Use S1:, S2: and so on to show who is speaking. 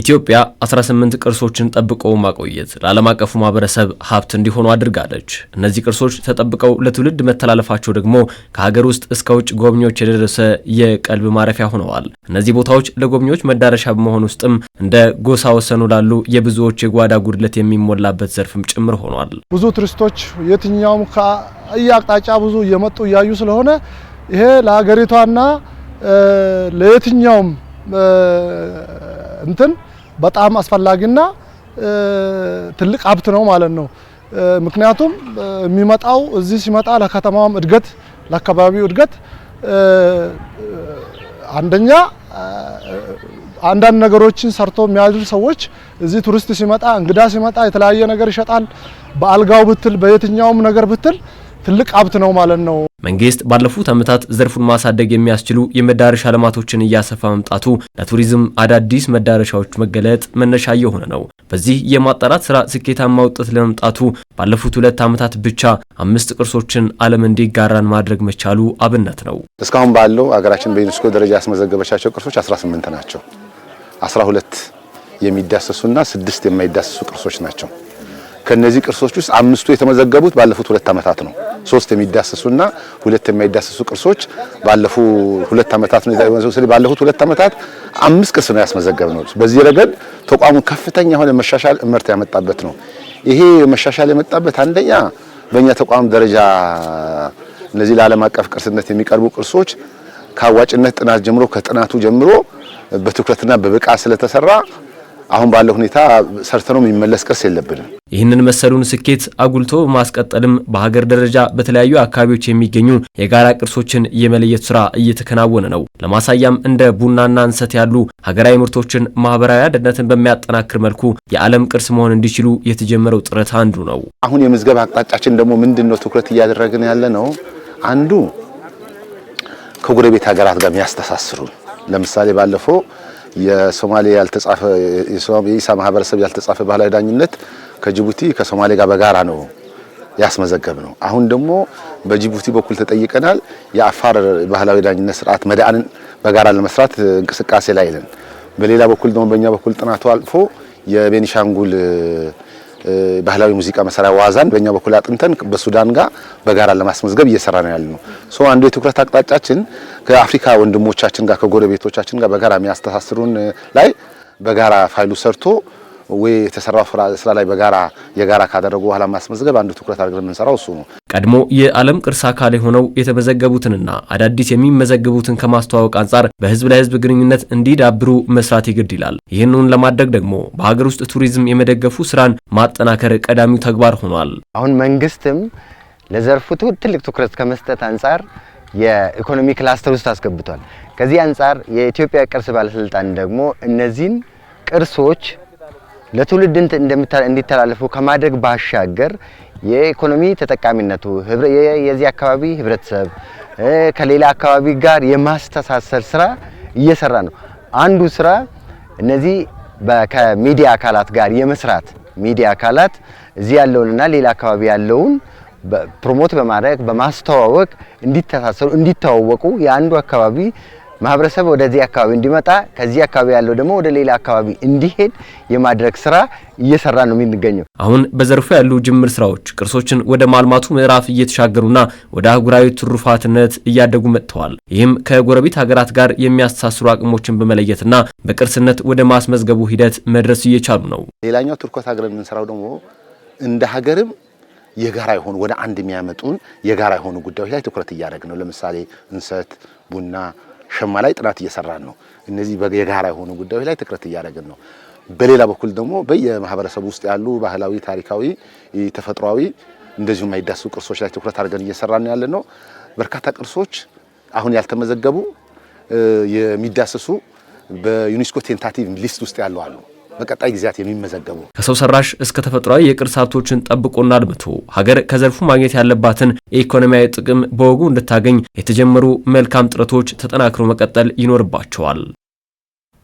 S1: ኢትዮጵያ 18 ቅርሶችን ጠብቆ ማቆየት ለዓለም አቀፉ ማህበረሰብ ሀብት እንዲሆኑ አድርጋለች። እነዚህ ቅርሶች ተጠብቀው ለትውልድ መተላለፋቸው ደግሞ ከሀገር ውስጥ እስከ ውጭ ጎብኚዎች የደረሰ የቀልብ ማረፊያ ሆነዋል። እነዚህ ቦታዎች ለጎብኚዎች መዳረሻ በመሆን ውስጥም እንደ ጎሳ ወሰኑ ላሉ የብዙዎች የጓዳ ጉድለት የሚሞላበት ዘርፍም ጭምር
S2: ሆኗል። ብዙ ቱሪስቶች የትኛውም ከየአቅጣጫ ብዙ እየመጡ እያዩ ስለሆነ ይሄ ለሀገሪቷና ለየትኛውም እንትን በጣም አስፈላጊና ትልቅ ሀብት ነው ማለት ነው። ምክንያቱም የሚመጣው እዚህ ሲመጣ ለከተማውም እድገት ለአካባቢው እድገት አንደኛ አንዳንድ ነገሮችን ሰርቶ የሚያድር ሰዎች እዚህ ቱሪስት ሲመጣ እንግዳ ሲመጣ የተለያየ ነገር ይሸጣል። በአልጋው ብትል በየትኛውም ነገር ብትል ትልቅ ሀብት ነው ማለት ነው።
S1: መንግስት ባለፉት ዓመታት ዘርፉን ማሳደግ የሚያስችሉ የመዳረሻ ልማቶችን እያሰፋ መምጣቱ ለቱሪዝም አዳዲስ መዳረሻዎች መገለጥ መነሻ እየሆነ ነው። በዚህ የማጣራት ስራ ስኬታማ ውጤት ለመምጣቱ ባለፉት ሁለት ዓመታት ብቻ አምስት ቅርሶችን ዓለም እንዲጋራን ማድረግ መቻሉ አብነት ነው። እስካሁን ባለው አገራችን በዩኔስኮ ደረጃ
S3: ያስመዘገበቻቸው ቅርሶች 18 ናቸው። 12 የሚዳሰሱና ስድስት የማይዳሰሱ ቅርሶች ናቸው። ከነዚህ ቅርሶች ውስጥ አምስቱ የተመዘገቡት ባለፉት ሁለት ዓመታት ነው። ሶስት የሚዳሰሱና ሁለት የማይዳሰሱ ቅርሶች ባለፉ ሁለት ዓመታት ነው ባለፉት ሁለት ዓመታት አምስት ቅርስ ነው ያስመዘገብ ነው። በዚህ ረገድ ተቋሙ ከፍተኛ የሆነ መሻሻል እመርታ ያመጣበት ነው። ይሄ መሻሻል የመጣበት አንደኛ በእኛ ተቋም ደረጃ እነዚህ ለዓለም አቀፍ ቅርስነት የሚቀርቡ ቅርሶች ከአዋጭነት ጥናት ጀምሮ ከጥናቱ ጀምሮ በትኩረትና በብቃት ስለተሰራ አሁን ባለው ሁኔታ ሰርተነው የሚመለስ ቅርስ የለብንም። ይህንን
S1: መሰሉን ስኬት አጉልቶ በማስቀጠልም በሀገር ደረጃ በተለያዩ አካባቢዎች የሚገኙ የጋራ ቅርሶችን የመለየት ስራ እየተከናወነ ነው። ለማሳያም እንደ ቡናና እንሰት ያሉ ሀገራዊ ምርቶችን ማህበራዊ አንድነትን በሚያጠናክር መልኩ የዓለም ቅርስ መሆን እንዲችሉ የተጀመረው ጥረት አንዱ ነው።
S3: አሁን የምዝገባ አቅጣጫችን ደግሞ ምንድን ነው? ትኩረት እያደረግን ያለ ነው። አንዱ ከጎረቤት ሀገራት ጋር የሚያስተሳስሩ ለምሳሌ ባለፈው የሶማሌ ያልተጻፈ የኢሳ ማህበረሰብ ያልተጻፈ ባህላዊ ዳኝነት ከጅቡቲ ከሶማሌ ጋር በጋራ ነው ያስመዘገብ ነው። አሁን ደግሞ በጅቡቲ በኩል ተጠይቀናል። የአፋር ባህላዊ ዳኝነት ስርዓት መዳንን በጋራ ለመስራት እንቅስቃሴ ላይ ነን። በሌላ በኩል ደግሞ በእኛ በኩል ጥናቱ አልፎ የቤኒሻንጉል ባህላዊ ሙዚቃ መሳሪያ ዋዛን በእኛ በኩል አጥንተን በሱዳን ጋር በጋራ ለማስመዝገብ እየሰራ ነው ያለነው። ሶ አንዱ የትኩረት አቅጣጫችን ከአፍሪካ ወንድሞቻችን ጋር ከጎረቤቶቻችን ጋር በጋራ የሚያስተሳስሩን ላይ በጋራ ፋይሉ ሰርቶ ወይ የተሰራው ስራ ላይ በጋራ የጋራ ካደረጉ በኋላ ማስመዝገብ አንዱ ትኩረት አድርገን
S1: የምንሰራው እሱ ነው። ቀድሞ የዓለም ቅርስ አካል የሆነው የተመዘገቡትንና አዳዲስ የሚመዘገቡትን ከማስተዋወቅ አንጻር በህዝብ ለህዝብ ግንኙነት እንዲዳብሩ መስራት ይግድ ይላል። ይህንን ለማድረግ ደግሞ በሀገር ውስጥ ቱሪዝም የመደገፉ ስራን ማጠናከር ቀዳሚው ተግባር ሆኗል። አሁን መንግስትም
S4: ለዘርፉ ትልቅ ትኩረት ከመስጠት አንጻር የኢኮኖሚ ክላስተር ውስጥ አስገብቷል። ከዚህ አንጻር የኢትዮጵያ ቅርስ ባለስልጣን ደግሞ እነዚህን ቅርሶች ለትውልድ እንዲተላለፉ ከማድረግ ባሻገር የኢኮኖሚ ተጠቃሚነቱ የዚህ አካባቢ ህብረተሰብ ከሌላ አካባቢ ጋር የማስተሳሰር ስራ እየሰራ ነው። አንዱ ስራ እነዚህ ከሚዲያ አካላት ጋር የመስራት ሚዲያ አካላት እዚህ ያለውንና ሌላ አካባቢ ያለውን ፕሮሞት በማድረግ በማስተዋወቅ እንዲተሳሰሩ እንዲተዋወቁ የአንዱ አካባቢ ማህበረሰብ ወደዚህ አካባቢ እንዲመጣ ከዚህ አካባቢ ያለው ደግሞ ወደ ሌላ አካባቢ እንዲሄድ የማድረግ ስራ እየሰራ ነው የሚገኘው። አሁን በዘርፉ ያሉ
S1: ጅምር ስራዎች ቅርሶችን ወደ ማልማቱ ምዕራፍ እየተሻገሩና ወደ አህጉራዊ ትሩፋትነት እያደጉ መጥተዋል። ይህም ከጎረቤት ሀገራት ጋር የሚያስተሳስሩ አቅሞችን በመለየትና በቅርስነት ወደ ማስመዝገቡ ሂደት መድረስ እየቻሉ ነው።
S3: ሌላኛው ቱርኮት ሀገር የምንሰራው ደግሞ እንደ ሀገርም የጋራ የሆኑ ወደ አንድ የሚያመጡን የጋራ የሆኑ ጉዳዮች ላይ ትኩረት እያደረግ ነው። ለምሳሌ እንሰት፣ ቡና ሸማ ላይ ጥናት እየሰራን ነው። እነዚህ የጋራ የሆኑ ጉዳዮች ላይ ትኩረት እያደረግን ነው። በሌላ በኩል ደግሞ በየማህበረሰቡ ውስጥ ያሉ ባህላዊ፣ ታሪካዊ፣ ተፈጥሯዊ እንደዚሁም የማይዳሱ ቅርሶች ላይ ትኩረት አድርገን እየሰራን ነው ነው። በርካታ ቅርሶች አሁን ያልተመዘገቡ የሚዳሰሱ በዩኔስኮ ቴንታቲቭ ሊስት ውስጥ ያሉ አሉ። በቀጣይ ጊዜያት የሚመዘገቡ ከሰው
S1: ሰራሽ እስከ ተፈጥሯዊ የቅርስ ሀብቶችን ጠብቆና አልምቶ ሀገር ከዘርፉ ማግኘት ያለባትን የኢኮኖሚያዊ ጥቅም በወጉ እንድታገኝ የተጀመሩ መልካም ጥረቶች ተጠናክሮ መቀጠል ይኖርባቸዋል።